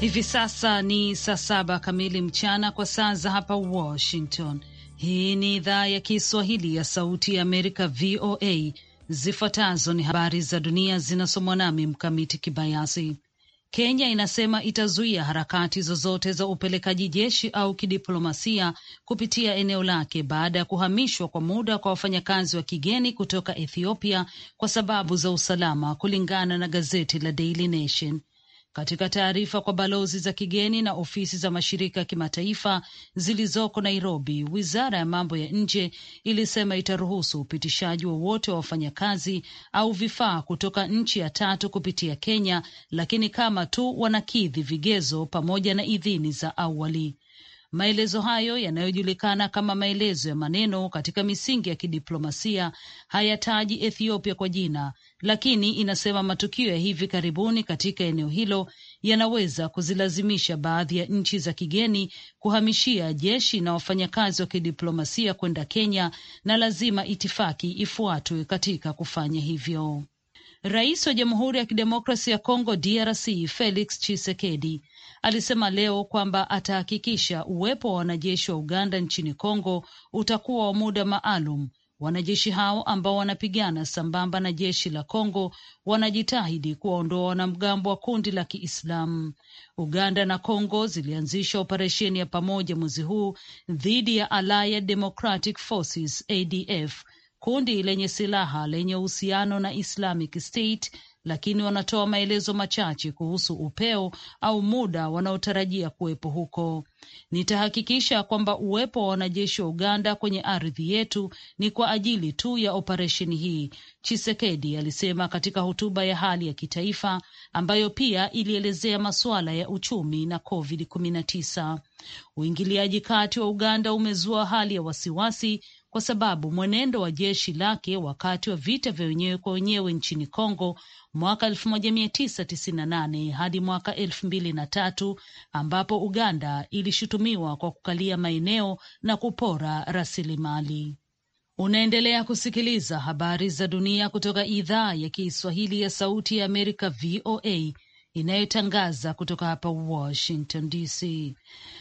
Hivi sasa ni saa saba kamili mchana kwa saa za hapa Washington. Hii ni idhaa ya Kiswahili ya Sauti ya Amerika, VOA. Zifuatazo ni habari za dunia zinasomwa nami Mkamiti Kibayasi. Kenya inasema itazuia harakati zozote za upelekaji jeshi au kidiplomasia kupitia eneo lake baada ya kuhamishwa kwa muda kwa wafanyakazi wa kigeni kutoka Ethiopia kwa sababu za usalama, kulingana na gazeti la Daily Nation. Katika taarifa kwa balozi za kigeni na ofisi za mashirika ya kimataifa zilizoko Nairobi, wizara ya mambo ya nje ilisema itaruhusu upitishaji wowote wa wafanyakazi au vifaa kutoka nchi ya tatu kupitia Kenya, lakini kama tu wanakidhi vigezo pamoja na idhini za awali. Maelezo hayo yanayojulikana kama maelezo ya maneno katika misingi ya kidiplomasia hayataji Ethiopia kwa jina, lakini inasema matukio ya hivi karibuni katika eneo hilo yanaweza kuzilazimisha baadhi ya nchi za kigeni kuhamishia jeshi na wafanyakazi wa kidiplomasia kwenda Kenya, na lazima itifaki ifuatwe katika kufanya hivyo. Rais wa Jamhuri ya Kidemokrasi ya Kongo DRC Felix chisekedi alisema leo kwamba atahakikisha uwepo wa wanajeshi wa Uganda nchini Kongo utakuwa wa muda maalum. Wanajeshi hao ambao wanapigana sambamba na jeshi la Kongo wanajitahidi kuwaondoa wanamgambo wa kundi la Kiislamu. Uganda na Kongo zilianzisha operesheni ya pamoja mwezi huu dhidi ya Allied Democratic Forces, ADF, kundi lenye silaha lenye uhusiano na Islamic State lakini wanatoa maelezo machache kuhusu upeo au muda wanaotarajia kuwepo huko. Nitahakikisha kwamba uwepo wa wanajeshi wa Uganda kwenye ardhi yetu ni kwa ajili tu ya operesheni hii, Chisekedi alisema katika hotuba ya hali ya kitaifa ambayo pia ilielezea masuala ya uchumi na COVID-19. Uingiliaji kati wa Uganda umezua hali ya wasiwasi kwa sababu mwenendo wa jeshi lake wakati wa vita vya wenyewe kwa wenyewe nchini Kongo mwaka 1998 hadi mwaka 2003 ambapo Uganda ilishutumiwa kwa kukalia maeneo na kupora rasilimali. Unaendelea kusikiliza habari za dunia kutoka idhaa ya Kiswahili ya Sauti ya Amerika, VOA inayotangaza kutoka hapa Washington DC.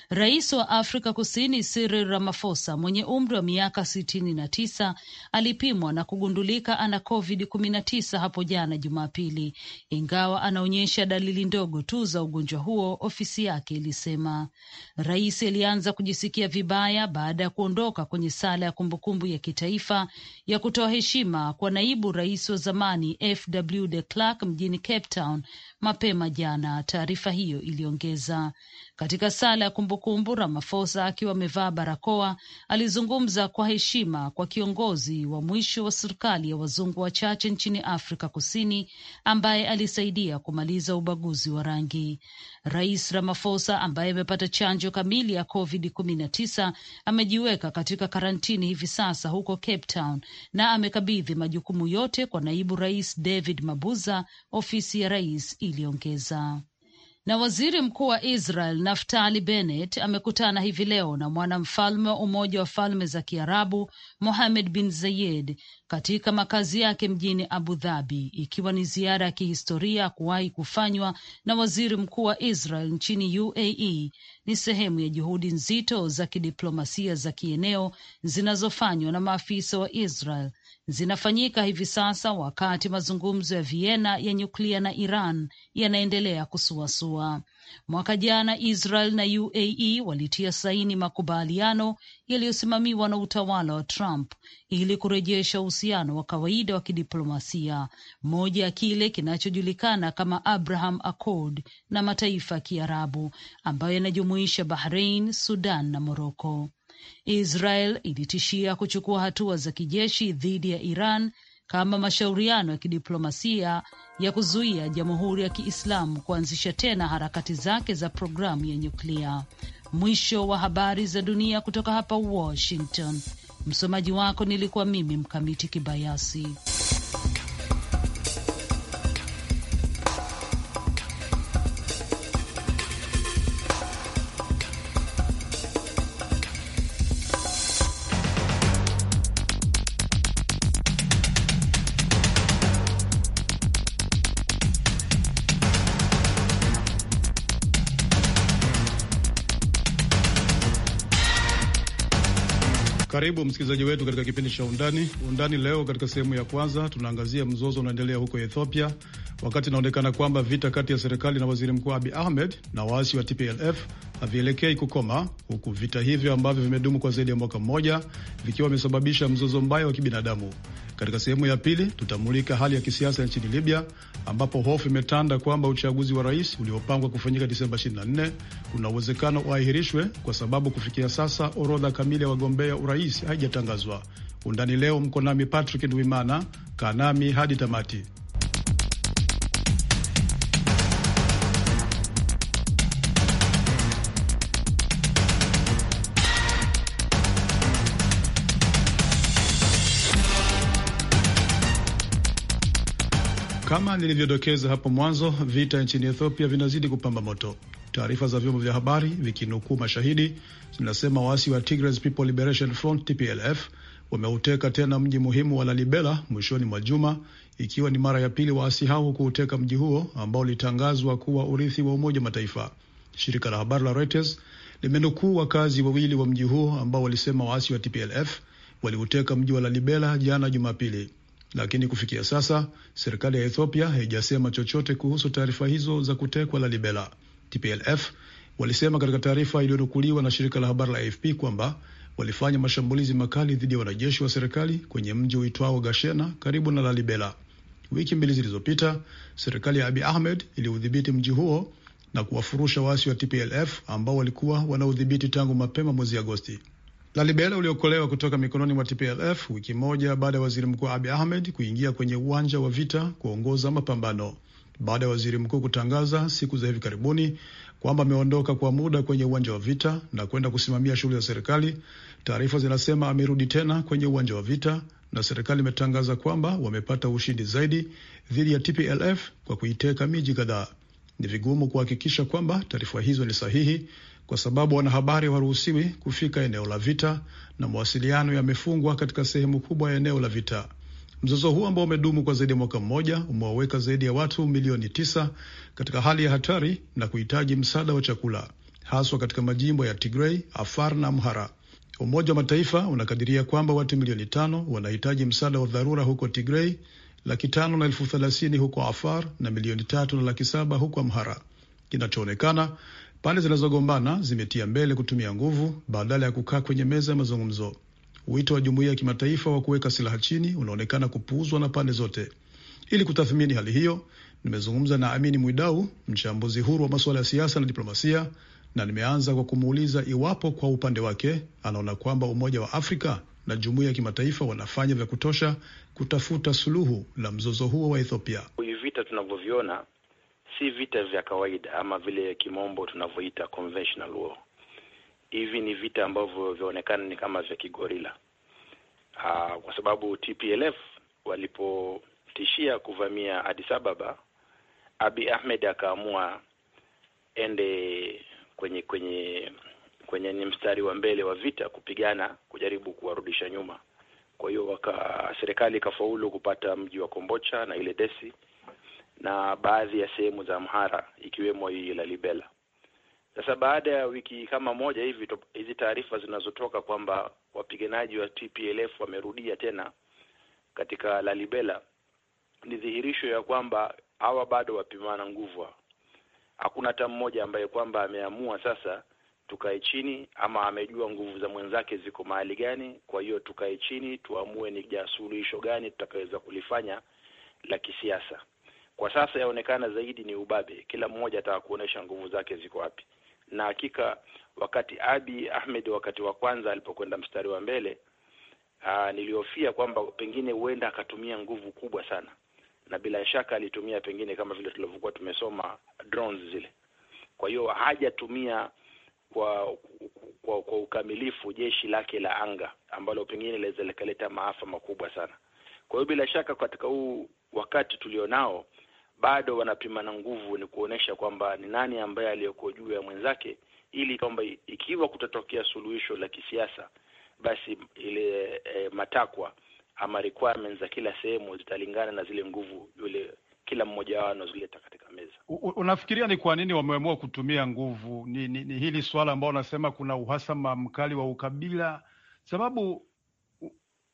Rais wa Afrika Kusini Cyril Ramaphosa mwenye umri wa miaka sitini na tisa alipimwa na kugundulika ana COVID 19 hapo jana Jumapili, ingawa anaonyesha dalili ndogo tu za ugonjwa huo, ofisi yake ilisema. Rais alianza kujisikia vibaya baada ya kuondoka kwenye sala ya kumbukumbu ya kitaifa ya kutoa heshima kwa naibu rais wa zamani FW de Klerk mjini Cape Town mapema jana, taarifa hiyo iliongeza. Katika sala ya kumbukumbu, ramafosa akiwa amevaa barakoa alizungumza kwa heshima kwa kiongozi wa mwisho wa serikali ya wazungu wachache nchini Afrika Kusini ambaye alisaidia kumaliza ubaguzi wa rangi. Rais ramafosa ambaye amepata chanjo kamili ya COVID-19 amejiweka katika karantini hivi sasa huko Cape Town na amekabidhi majukumu yote kwa naibu rais David Mabuza, ofisi ya rais iliongeza. Na waziri mkuu wa Israel Naftali Bennett amekutana hivi leo na mwanamfalme wa Umoja wa Falme za Kiarabu Mohamed bin Zayed katika makazi yake mjini Abu Dhabi, ikiwa ni ziara ya kihistoria kuwahi kufanywa na waziri mkuu wa Israel nchini UAE. Ni sehemu ya juhudi nzito za kidiplomasia za kieneo zinazofanywa na maafisa wa Israel zinafanyika hivi sasa wakati mazungumzo ya Vienna ya nyuklia na Iran yanaendelea kusuasua. Mwaka jana Israel na UAE walitia saini makubaliano yaliyosimamiwa na utawala wa Trump ili kurejesha uhusiano wa kawaida wa kidiplomasia, moja ya kile kinachojulikana kama Abraham Accord na mataifa ya Kiarabu ambayo yanajumuisha bahrein Sudan na Moroko. Israel ilitishia kuchukua hatua za kijeshi dhidi ya Iran kama mashauriano ya kidiplomasia ya kuzuia Jamhuri ya Kiislamu kuanzisha tena harakati zake za programu ya nyuklia. Mwisho wa habari za dunia kutoka hapa Washington. Msomaji wako nilikuwa mimi Mkamiti Kibayasi. Karibu msikilizaji wetu katika kipindi cha Undani Undani. Leo katika sehemu ya kwanza tunaangazia mzozo unaendelea huko Ethiopia, wakati inaonekana kwamba vita kati ya serikali na waziri mkuu Abi Ahmed na waasi wa TPLF havielekei kukoma, huku vita hivyo ambavyo vimedumu kwa zaidi ya mwaka mmoja vikiwa vimesababisha mzozo mbaya wa kibinadamu. Katika sehemu ya pili tutamulika hali ya kisiasa nchini Libya ambapo hofu imetanda kwamba uchaguzi wa rais uliopangwa kufanyika Disemba 24 kuna uwezekano uahirishwe kwa sababu kufikia sasa orodha kamili ya wagombea urais haijatangazwa. Undani leo mko nami Patrick Ndwimana, kaa nami hadi tamati. Kama nilivyodokeza hapo mwanzo, vita nchini Ethiopia vinazidi kupamba moto. Taarifa za vyombo vya habari vikinukuu mashahidi zinasema waasi wa Tigray People Liberation Front TPLF wameuteka tena mji muhimu wa Lalibela mwishoni mwa juma, ikiwa ni mara ya pili waasi hao kuuteka mji huo ambao ulitangazwa kuwa urithi wa Umoja Mataifa. Shirika la habari la Reuters limenukuu wakazi wawili wa mji huo ambao walisema waasi wa TPLF waliuteka mji wa Lalibela jana Jumapili lakini kufikia sasa serikali ya Ethiopia haijasema chochote kuhusu taarifa hizo za kutekwa Lalibela. TPLF walisema katika taarifa iliyonukuliwa na shirika la habari la AFP kwamba walifanya mashambulizi makali dhidi ya wanajeshi wa serikali kwenye mji uitwao Gashena karibu na Lalibela. Wiki mbili zilizopita, serikali ya Abi Ahmed iliudhibiti mji huo na kuwafurusha waasi wa TPLF ambao walikuwa wanaudhibiti tangu mapema mwezi Agosti libera uliokolewa kutoka mikononi mwa TPLF wiki moja baada ya waziri mkuu Abi Ahmed kuingia kwenye uwanja wa vita kuongoza mapambano baada ya waziri mkuu kutangaza siku za hivi karibuni kwamba ameondoka kwa muda kwenye uwanja wa vita na kwenda kusimamia shughuli za serikali. Taarifa zinasema amerudi tena kwenye uwanja wa vita, na serikali imetangaza kwamba wamepata ushindi zaidi dhidi ya TPLF kwa kuiteka miji kadhaa ni vigumu kuhakikisha kwamba taarifa hizo ni sahihi, kwa sababu wanahabari waruhusiwi kufika eneo la vita na mawasiliano yamefungwa katika sehemu kubwa ya eneo la vita. Mzozo huu ambao umedumu kwa zaidi ya mwaka mmoja umewaweka zaidi ya watu milioni tisa katika hali ya hatari na kuhitaji msaada wa chakula haswa katika majimbo ya Tigray, Afar na Amhara. Umoja wa Mataifa unakadiria kwamba watu milioni tano wanahitaji msaada wa dharura huko Tigray laki tano na elfu thelathini huko Afar na milioni tatu na laki saba huko Amhara. Kinachoonekana pande zinazogombana zimetia mbele kutumia nguvu badala ya kukaa kwenye meza ya mazungumzo. Wito wa jumuiya ya kimataifa wa kuweka silaha chini unaonekana kupuuzwa na pande zote. Ili kutathmini hali hiyo, nimezungumza na Amini Mwidau, mchambuzi huru wa masuala ya siasa na diplomasia, na nimeanza kwa kumuuliza iwapo kwa upande wake anaona kwamba Umoja wa Afrika na jumuiya ya kimataifa wanafanya vya kutosha kutafuta suluhu la mzozo huo wa Ethiopia. Hivi vita tunavyoviona si vita vya kawaida ama vile kimombo tunavyoita conventional war. Hivi ni vita ambavyo vyaonekana ni kama vya kigorila. Aa, ah, kwa sababu TPLF walipotishia kuvamia Addis Ababa, Abi Ahmed akaamua ende kwenye kwenye kwenye ni mstari wa mbele wa vita kupigana kujaribu kuwarudisha nyuma. Kwa hiyo waka serikali ikafaulu kupata mji wa Kombocha na ile Desi na baadhi ya sehemu za Amhara ikiwemo hii Lalibela. Sasa baada ya wiki kama moja hivi, hizi taarifa zinazotoka kwamba wapiganaji wa TPLF wamerudia tena katika Lalibela ni dhihirisho ya kwamba hawa bado wapimana nguvu. Hakuna hata mmoja ambaye kwamba ameamua sasa tukae chini, ama amejua nguvu za mwenzake ziko mahali gani. Kwa hiyo tukae chini tuamue ni jasuluhisho gani tutakaweza kulifanya la kisiasa. Kwa sasa yaonekana zaidi ni ubabe, kila mmoja ataka kuonesha nguvu zake ziko wapi. Na hakika wakati Abi Ahmed wakati wa kwanza alipokwenda mstari wa mbele, nilihofia kwamba pengine huenda akatumia nguvu kubwa sana, na bila shaka alitumia pengine kama vile tulivyokuwa tumesoma drones zile. Kwa hiyo hajatumia kwa kwa, kwa ukamilifu jeshi lake la anga ambalo pengine laweza likaleta maafa makubwa sana. Kwa hiyo bila shaka katika huu wakati tulionao bado wanapimana nguvu, ni kuonesha kwamba ni nani ambaye aliyoko juu ya mwenzake, ili kwamba ikiwa kutatokea suluhisho la kisiasa, basi ile e, matakwa ama requirements za kila sehemu zitalingana na zile nguvu yule kila mmoja wao anazileta katika meza. Unafikiria ni kwa nini wameamua kutumia nguvu? Ni, ni, ni hili swala ambao wanasema kuna uhasama mkali wa ukabila, sababu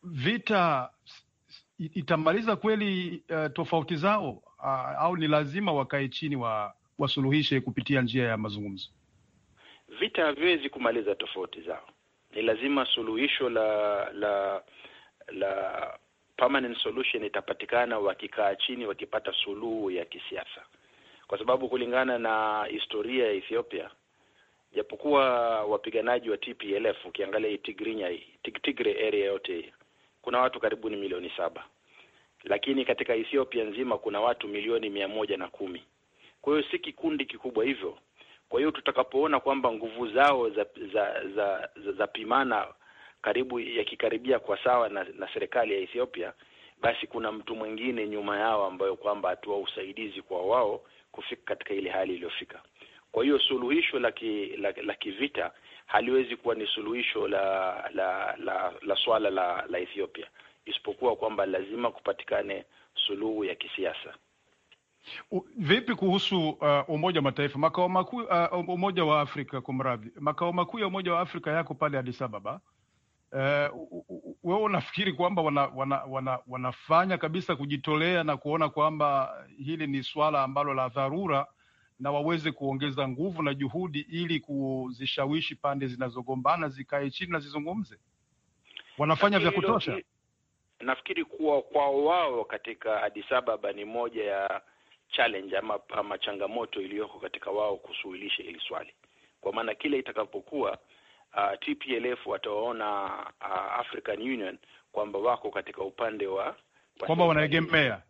vita itamaliza kweli uh, tofauti zao uh, au ni lazima wakae chini wa wasuluhishe kupitia njia ya mazungumzo? Vita haviwezi kumaliza tofauti zao, ni lazima suluhisho la la la permanent solution itapatikana wakikaa chini, wakipata suluhu ya kisiasa, kwa sababu kulingana na historia ya Ethiopia, japokuwa wapiganaji wa TPLF ukiangalia Tigrinya, Tigre area yote kuna watu karibuni milioni saba, lakini katika Ethiopia nzima kuna watu milioni mia moja na kumi. Kwa hiyo si kikundi kikubwa hivyo. Kwa hiyo tutakapoona kwamba nguvu zao za za za, za, za pimana karibu yakikaribia kwa sawa na, na serikali ya Ethiopia, basi kuna mtu mwingine nyuma yao ambayo kwamba atoa usaidizi kwa wao kufika katika ile hali iliyofika. Kwa hiyo suluhisho la la kivita haliwezi kuwa ni suluhisho la la la, la swala la, la Ethiopia, isipokuwa kwamba lazima kupatikane suluhu ya kisiasa. U, vipi kuhusu uh, Umoja wa Mataifa makao makuu uh, Umoja wa Afrika kumradhi, makao makuu ya Umoja wa Afrika yako pale Addis Ababa Eh, wewe unafikiri kwamba wana, wana, wana, wanafanya kabisa kujitolea na kuona kwamba hili ni swala ambalo la dharura na waweze kuongeza nguvu na juhudi ili kuzishawishi pande zinazogombana zikae chini na zizungumze? Wanafanya vya kutosha? Nafikiri kuwa kwao wao katika Addis Ababa ni moja ya challenge ama, ama changamoto iliyoko katika wao kusuluhisha hili swali, kwa maana kile itakapokuwa uh, TPLF wataona uh, African Union kwamba wako katika upande wa kwamba wanaegemea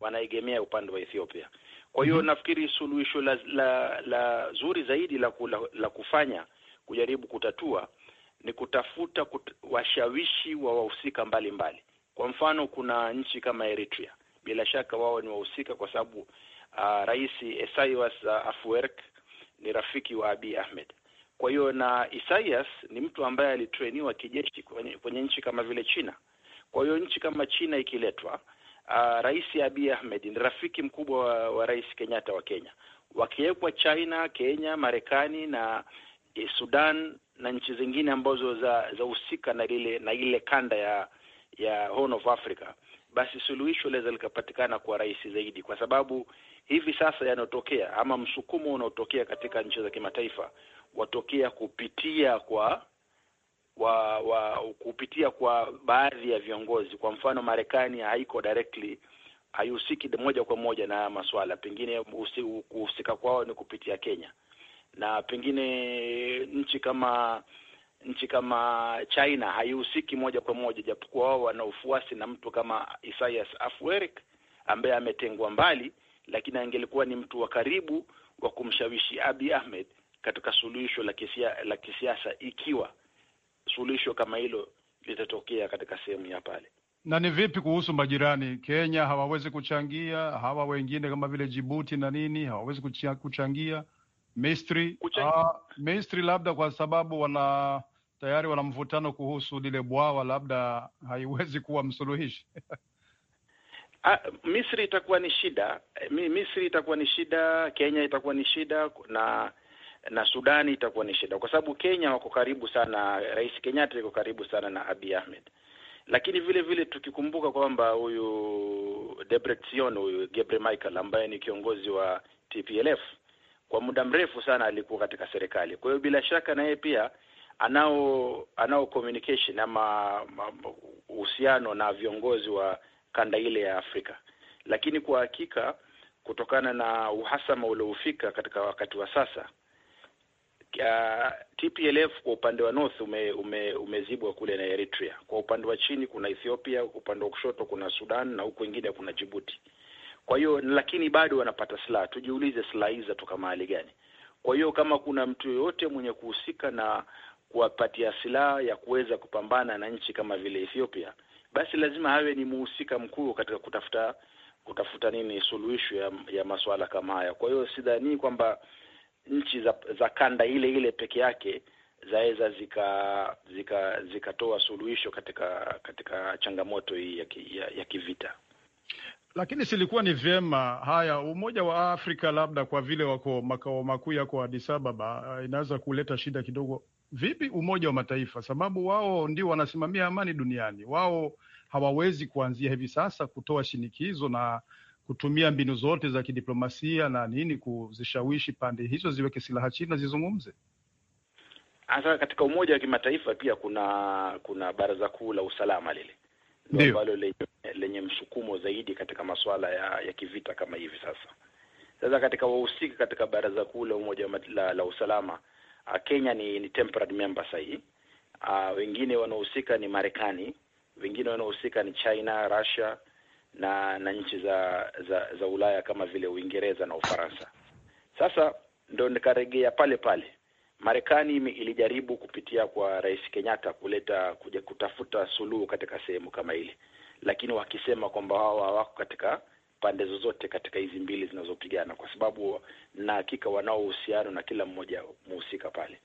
wanaegemea upande wa Ethiopia. Kwa hiyo mm -hmm. nafikiri suluhisho la, la, la zuri zaidi la, la, la kufanya kujaribu kutatua ni kutafuta kut, washawishi wa wahusika mbalimbali. Kwa mfano kuna nchi kama Eritrea, bila shaka wao ni wahusika kwa sababu uh, Rais Esaiwas Afwerki ni rafiki wa Abiy Ahmed. Kwa hiyo na Isaias ni mtu ambaye alitrainiwa kijeshi kwenye, kwenye nchi kama vile China. Kwa hiyo nchi kama China ikiletwa, uh, Rais Abiy Ahmed ni rafiki mkubwa wa, wa Rais Kenyatta wa Kenya. Wakiwekwa China, Kenya, Marekani na eh, Sudan na nchi zingine ambazo za zahusika na ile na ile kanda ya ya Horn of Africa, basi suluhisho linaweza likapatikana kwa rahisi zaidi, kwa sababu hivi sasa yanayotokea ama msukumo unaotokea katika nchi za kimataifa watokea kupitia kwa wa, wa kupitia kwa baadhi ya viongozi. Kwa mfano, Marekani haiko directly haihusiki moja kwa moja na haya maswala, pengine kuhusika kwao ni kupitia Kenya na pengine nchi kama nchi kama China haihusiki moja kwa moja, japokuwa wao wana ufuasi na mtu kama Isaias Afwerik ambaye ametengwa mbali, lakini angelikuwa ni mtu wa karibu wa kumshawishi Abiy Ahmed katika suluhisho la kisiasa, la kisiasa ikiwa suluhisho kama hilo litatokea katika sehemu ya pale. Na ni vipi kuhusu majirani? Kenya hawawezi kuchangia, hawa wengine kama vile Jibuti na nini hawawezi kuchangia? Misri ah, Misri labda kwa sababu wana tayari wana mvutano kuhusu lile bwawa, labda haiwezi kuwa msuluhishi A, ah, Misri itakuwa ni shida, Misri itakuwa ni shida, Kenya itakuwa ni shida na na Sudani itakuwa ni shida, kwa sababu Kenya wako karibu sana, Rais Kenyatta yuko karibu sana na Abiy Ahmed. Lakini vile vile tukikumbuka kwamba huyu Debretsion, huyu Gebre Michael ambaye ni kiongozi wa TPLF kwa muda mrefu sana alikuwa katika serikali, kwa hiyo bila shaka na yeye pia anao anao communication ama uhusiano na viongozi wa kanda ile ya Afrika. Lakini kwa hakika kutokana na uhasama ulioufika katika wakati wa sasa Uh, TPLF kwa upande wa north ume, ume, umezibwa kule na Eritrea. Kwa upande wa chini kuna Ethiopia, upande wa kushoto kuna Sudan na huku wengine kuna Djibouti. Kwa hiyo lakini bado wanapata silaha. Tujiulize silaha hizi zatoka mahali gani? Kwa hiyo kama kuna mtu yoyote mwenye kuhusika na kuwapatia silaha ya kuweza kupambana na nchi kama vile Ethiopia, basi lazima hawe ni muhusika mkuu katika kutafuta kutafuta nini suluhisho ya, ya masuala kama haya. Kwa hiyo sidhani kwamba nchi za, za kanda ile ile peke yake zaweza zikatoa zika, zikatoa suluhisho katika katika changamoto hii ya, ya, ya kivita. Lakini silikuwa ni vyema haya Umoja wa Afrika, labda kwa vile wako makao makuu yako Addis Ababa, eh, inaweza kuleta shida kidogo. Vipi Umoja wa Mataifa, sababu wao ndio wanasimamia amani duniani, wao hawawezi kuanzia hivi sasa kutoa shinikizo na kutumia mbinu zote za kidiplomasia na nini kuzishawishi pande hizo ziweke silaha chini na zizungumze. Hasa katika Umoja wa Kimataifa pia kuna kuna Baraza Kuu la Usalama lile ambalo lenye, lenye msukumo zaidi katika masuala ya, ya kivita kama hivi sasa. Sasa katika wahusika katika Baraza Kuu la Umoja la, la Usalama ah, Kenya ni, ni temporary member sahihi. Uh, ah, wengine wanaohusika ni Marekani, wengine wanaohusika ni China, Russia na na nchi za za za Ulaya kama vile Uingereza na Ufaransa. Sasa ndo nikaregea pale pale. Marekani ilijaribu kupitia kwa Rais Kenyatta kuleta kuja kutafuta suluhu katika sehemu kama ile, lakini wakisema kwamba wao hawako katika pande zozote katika hizi mbili zinazopigana, kwa sababu na hakika wanao uhusiano na kila mmoja muhusika pale.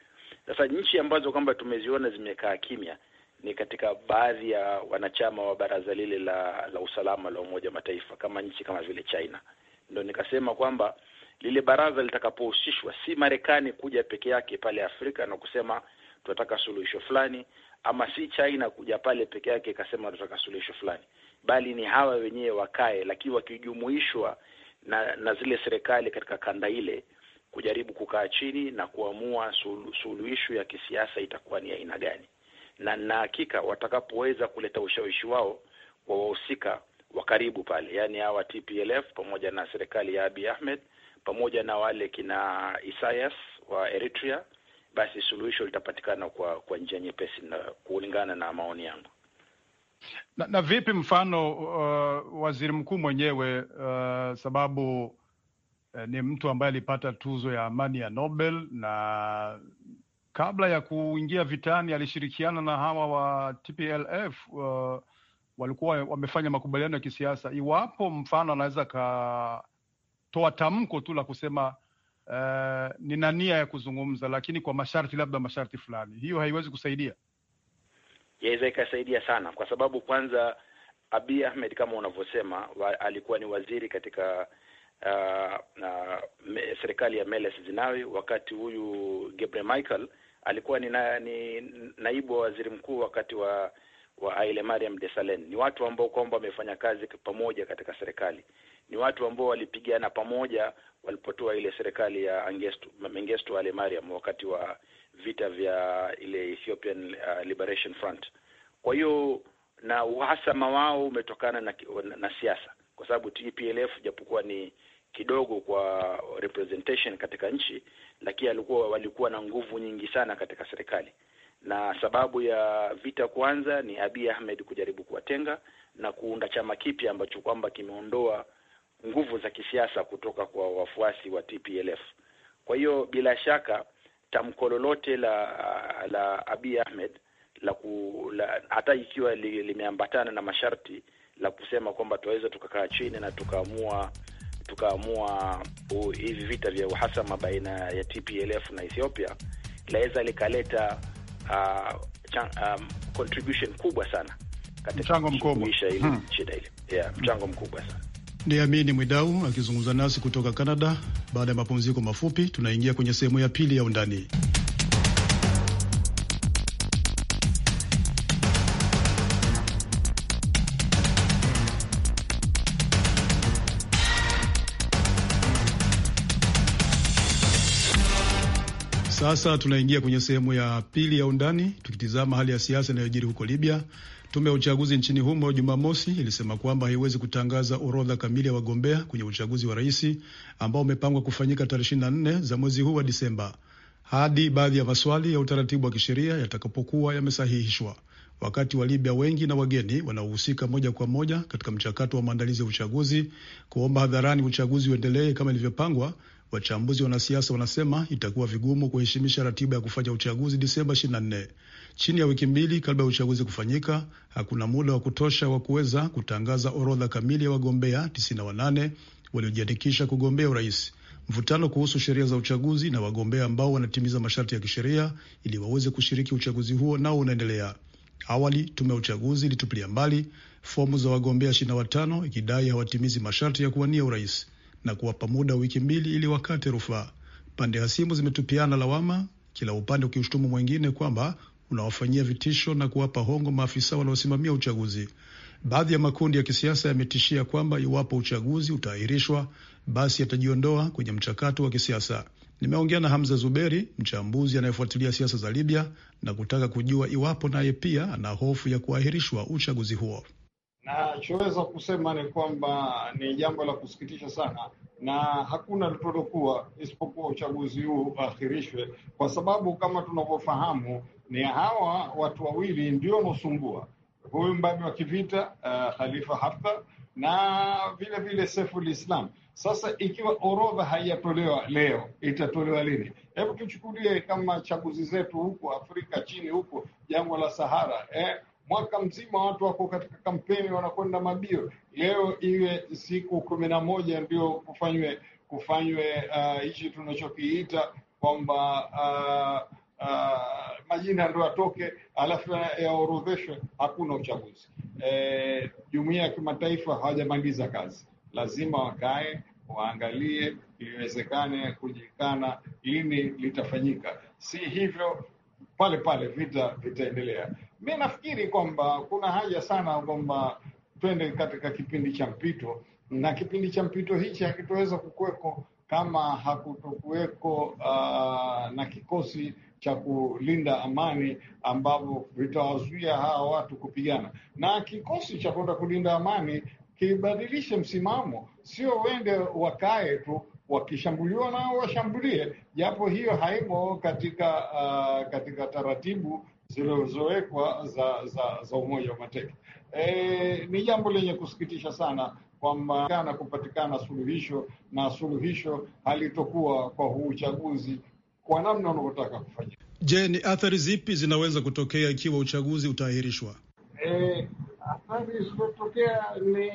Sasa nchi ambazo kwamba tumeziona zimekaa kimya ni katika baadhi ya wanachama wa baraza lile la la usalama la Umoja Mataifa, kama nchi kama vile China. Ndio nikasema kwamba lile baraza litakapohusishwa, si Marekani kuja peke yake pale Afrika na kusema tunataka suluhisho fulani, ama si China kuja pale peke yake ikasema tunataka suluhisho fulani, bali ni hawa wenyewe wakae, lakini wakijumuishwa na, na zile serikali katika kanda ile kujaribu kukaa chini na kuamua suluhisho ya kisiasa itakuwa ni aina gani na nina hakika watakapoweza kuleta ushawishi wao kwa wahusika wa karibu pale, yaani hawa TPLF pamoja na serikali ya Abiy Ahmed pamoja na wale kina Isaias wa Eritrea, basi suluhisho litapatikana kwa kwa njia nyepesi na kulingana na maoni yangu. Na, na vipi mfano uh, waziri mkuu mwenyewe uh, sababu uh, ni mtu ambaye alipata tuzo ya amani ya Nobel na kabla ya kuingia vitani alishirikiana na hawa wa TPLF uh, walikuwa wamefanya makubaliano ya kisiasa. Iwapo mfano anaweza akatoa tamko tu la kusema uh, nina nia ya kuzungumza, lakini kwa masharti, labda masharti fulani, hiyo haiwezi kusaidia. Yaweza ikasaidia sana, kwa sababu kwanza Abiy Ahmed kama unavyosema alikuwa ni waziri katika uh, uh, serikali ya Meles Zenawi wakati huyu Gebre Michael alikuwa ni, na, ni naibu wa waziri mkuu wakati wa wa Aile Mariam Desalegn. Ni watu ambao kwamba wamefanya kazi pamoja katika serikali, ni watu ambao walipigana pamoja walipotoa ile serikali ya Mengistu, Mengistu Aile Mariam wakati wa vita vya ile Ethiopian uh, Liberation Front. Kwa hiyo na uhasama wao umetokana na, na, na siasa, kwa sababu TPLF japokuwa ni kidogo kwa representation katika nchi, lakini alikuwa walikuwa na nguvu nyingi sana katika serikali, na sababu ya vita kwanza ni Abiy Ahmed kujaribu kuwatenga na kuunda chama kipya ambacho kwamba kimeondoa nguvu za kisiasa kutoka kwa wafuasi wa TPLF. Kwa hiyo bila shaka tamko lolote la la Abiy Ahmed la ku hata ikiwa limeambatana na masharti la kusema kwamba tunaweza tukakaa chini na tukaamua tukaamua hivi vita vya uhasama baina ya TPLF na Ethiopia laweza likaleta uh, um, contribution kubwa sana katika kuisha ile hmm, shida ile yeah, mchango mkubwa sana. Ni Amini Mwidau akizungumza nasi kutoka Canada. Baada ya mapumziko mafupi, tunaingia kwenye sehemu ya pili ya undani Sasa tunaingia kwenye sehemu ya pili ya undani tukitizama hali ya siasa inayojiri huko Libya. Tume ya uchaguzi nchini humo Jumamosi ilisema kwamba haiwezi kutangaza orodha kamili ya wagombea kwenye uchaguzi wa rais ambao umepangwa kufanyika tarehe 24 za mwezi huu wa Disemba hadi baadhi ya maswali ya utaratibu wa kisheria yatakapokuwa yamesahihishwa. Wakati wa Libya wengi na wageni wanaohusika moja kwa moja katika mchakato wa maandalizi ya uchaguzi kuomba hadharani uchaguzi uendelee kama ilivyopangwa Wachambuzi wanasiasa wanasema itakuwa vigumu kuheshimisha ratiba ya kufanya uchaguzi Disemba 24. Chini ya wiki mbili kabla ya uchaguzi kufanyika, hakuna muda wa kutosha wa kuweza kutangaza orodha kamili ya wagombea 98 waliojiandikisha kugombea urais. Mvutano kuhusu sheria za uchaguzi na wagombea ambao wanatimiza masharti ya kisheria ili waweze kushiriki uchaguzi huo nao unaendelea. Awali tume ya uchaguzi ilitupilia mbali fomu za wagombea 25 ikidai hawatimizi masharti ya kuwania urais na kuwapa muda wiki mbili ili wakate rufaa. Pande hasimu zimetupiana lawama, kila upande ukiushtumu mwingine kwamba unawafanyia vitisho na kuwapa hongo maafisa wanaosimamia uchaguzi. Baadhi ya makundi ya kisiasa yametishia kwamba iwapo uchaguzi utaahirishwa, basi yatajiondoa kwenye mchakato wa kisiasa. Nimeongea na Hamza Zuberi, mchambuzi anayefuatilia siasa za Libya, na kutaka kujua iwapo naye pia ana hofu ya kuahirishwa uchaguzi huo. Nachoweza kusema ni kwamba ni jambo la kusikitisha sana, na hakuna litalokuwa isipokuwa uchaguzi huu uakhirishwe, kwa sababu kama tunavyofahamu ni hawa watu wawili ndio wanaosumbua, huyu mbabe wa kivita uh, Khalifa Haftar na vile vile Saiful Islam. Sasa ikiwa orodha haijatolewa leo, itatolewa lini? Hebu tuchukulie kama chaguzi zetu huko Afrika chini huko jangwa la Sahara eh? Mwaka mzima watu wako katika kampeni, wanakwenda mabio. Leo iwe siku kumi na moja ndio kufanywe kufanywe uh, hichi uh, tunachokiita kwamba uh, uh, majina ndio yatoke, alafu yaorodheshwe. Hakuna uchaguzi. E, ya kimataifa hawajamaliza kazi, lazima wakae waangalie iwezekane kujikana lini litafanyika. Si hivyo pale pale vita vitaendelea mi nafikiri kwamba kuna haja sana kwamba twende katika kipindi cha mpito, na kipindi cha mpito hichi hakitoweza kukuweko kama hakutokuweko uh, na kikosi cha kulinda amani ambavyo vitawazuia hawa watu kupigana, na kikosi cha kwenda kulinda amani kibadilishe msimamo, sio wende wakae tu wakishambuliwa nao washambulie, japo hiyo haimo katika uh, katika taratibu zilizowekwa za, za, za Umoja wa Mataifa. E, ni jambo lenye kusikitisha sana kwamba kana kupatikana suluhisho na suluhisho halitokuwa kwa huu uchaguzi kwa namna unavyotaka kufanyika. Je, ni athari zipi zinaweza kutokea ikiwa uchaguzi utaahirishwa? E, athari zilizotokea ni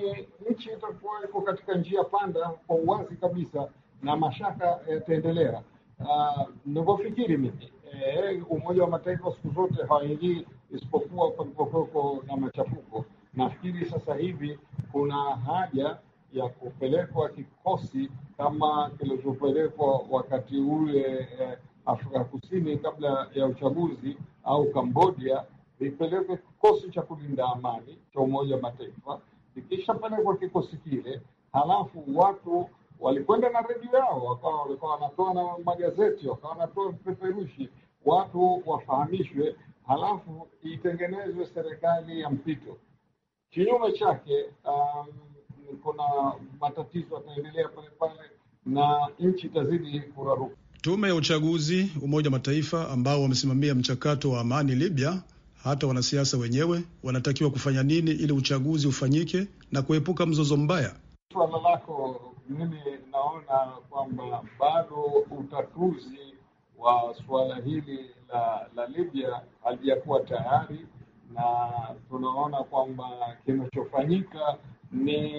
nchi itakuwa iko katika njia panda kwa uwazi kabisa, na mashaka yataendelea. Uh, ah, navyofikiri mimi eh, Umoja wa Mataifa siku zote hawaingii isipokuwa palipokuweko na machafuko. Nafikiri sasa hivi kuna haja ya kupelekwa kikosi kama kilichopelekwa wakati ule eh, Afrika Kusini kabla ya uchaguzi au Kambodia, vipelekwe kikosi cha kulinda amani cha Umoja wa Mataifa. Ikishapelekwa kikosi kile, halafu watu walikwenda na redio yao, wakawa walikuwa wanatoa na magazeti, wakawa wanatoa vipeperushi watu wafahamishwe, halafu itengenezwe serikali ya mpito. Kinyume chake, um, kuna matatizo yataendelea pale pale na nchi itazidi kuraruka. Tume ya uchaguzi Umoja wa Mataifa ambao wamesimamia mchakato wa amani Libya, hata wanasiasa wenyewe wanatakiwa kufanya nini ili uchaguzi ufanyike na kuepuka mzozo mbaya? Swala lako mimi naona kwamba bado utatuzi kwamba suala hili la, la Libya halijakuwa tayari, na tunaona kwamba kinachofanyika ni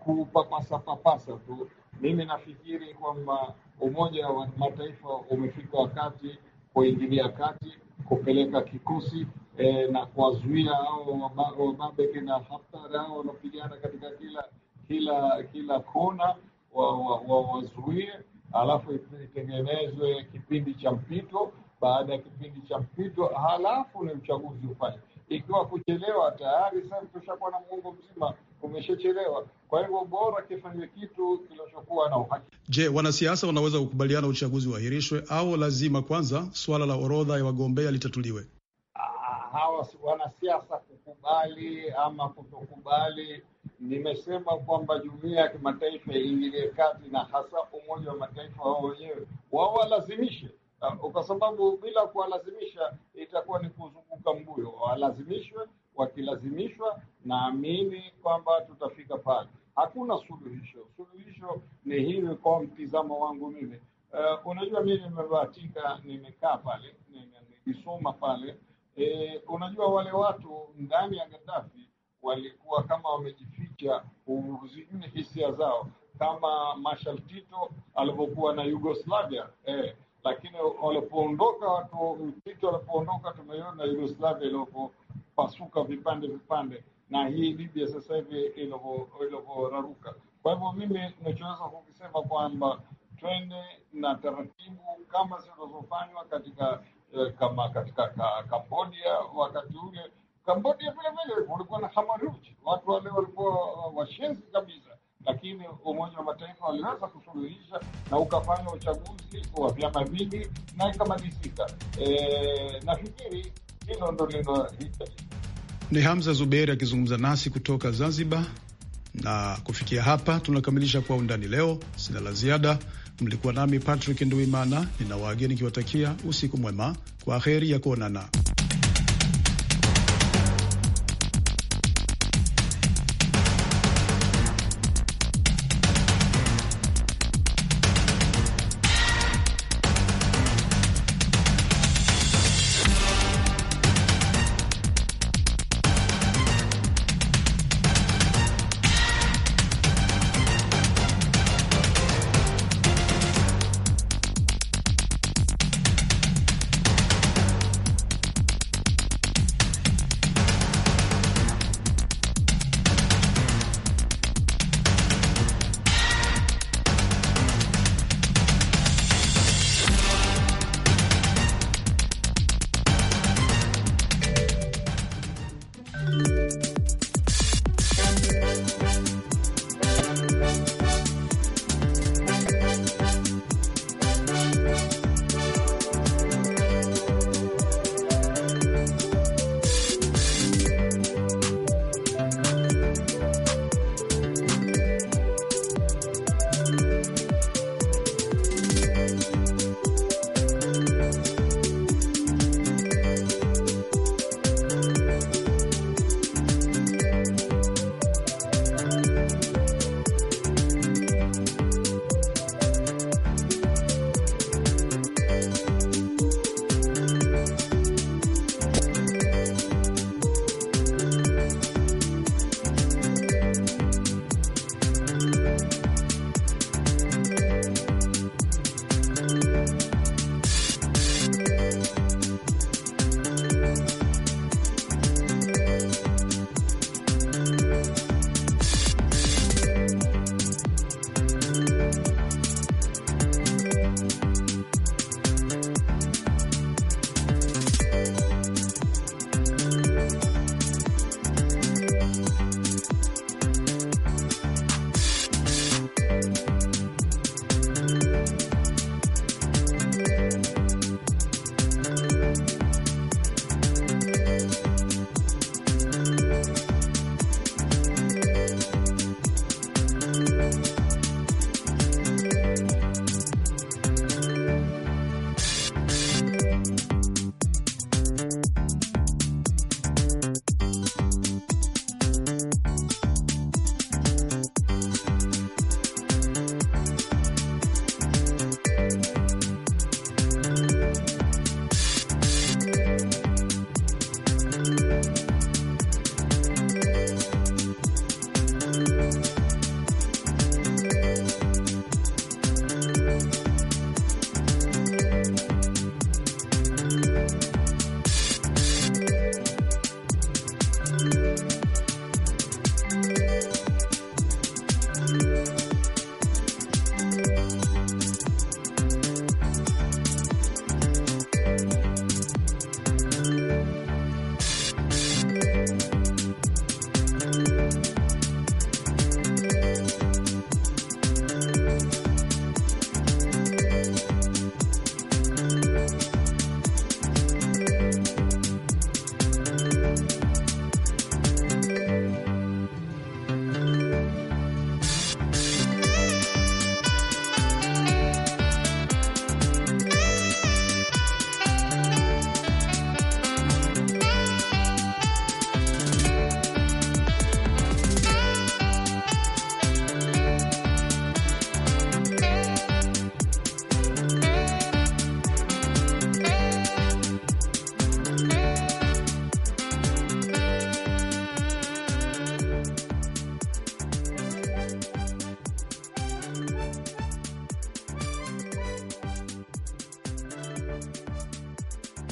kupapasa papasa tu. Mimi nafikiri kwamba Umoja wa Mataifa umefika wakati kuingilia kati, kupeleka kikosi e, na kuwazuia au Wababeke na Haftar au wanaopigana katika kila kila kila kona, wawazuie wa, wa, alafu itengenezwe kipindi cha mpito. Baada ya kipindi cha mpito, halafu ni uchaguzi ufanye. Ikiwa kuchelewa, tayari sasa tushakuwa na muongo mzima umeshachelewa. Kwa hivyo bora kifanye kitu kilichokuwa na uhakika. Je, wanasiasa wanaweza kukubaliana uchaguzi uahirishwe au lazima kwanza suala la orodha ya wagombea litatuliwe? Ah, hawa wanasiasa kukubali ama kutokubali nimesema kwamba jumuia ya kimataifa iingilie kati na hasa Umoja wa Mataifa wao wenyewe wawalazimishe, uh, kwa sababu bila kuwalazimisha itakuwa ni kuzunguka mbuyo. Walazimishwe, wakilazimishwa naamini kwamba tutafika pale. Hakuna suluhisho. Suluhisho ni hivi, kwa mtizamo wangu mimi. Uh, unajua mi nimebahatika, nimekaa pale, nilisoma pale. E, unajua wale watu ndani ya Gaddafi walikuwa kama wamejificha, huzijui hisia zao, kama Marshal Tito alivyokuwa na Yugoslavia eh, lakini walipoondoka watu, Tito walipoondoka, tumeona Yugoslavia ilivyopasuka vipande vipande, na hii Libya sasa hivi ilivyoraruka. Kwa hivyo mimi nachoweza kukisema kwamba twende na taratibu kama zinazofanywa katika eh, kama katika Cambodia wakati ule Kambodia vile vile kulikuwa na hamaruji, watu wale walikuwa uh, washenzi kabisa, lakini Umoja wa Mataifa waliweza kusuluhisha na ukafanya uchaguzi wa vyama vingi na ikamalizika. E, nafikiri hilo ndo linohitajika. Ni Hamza Zuberi akizungumza nasi kutoka Zanzibar. Na kufikia hapa tunakamilisha Kwa Undani leo. Sina la ziada. Mlikuwa nami Patrick Nduimana, ninawaagia nikiwatakia usiku mwema. Kwa heri ya kuonana.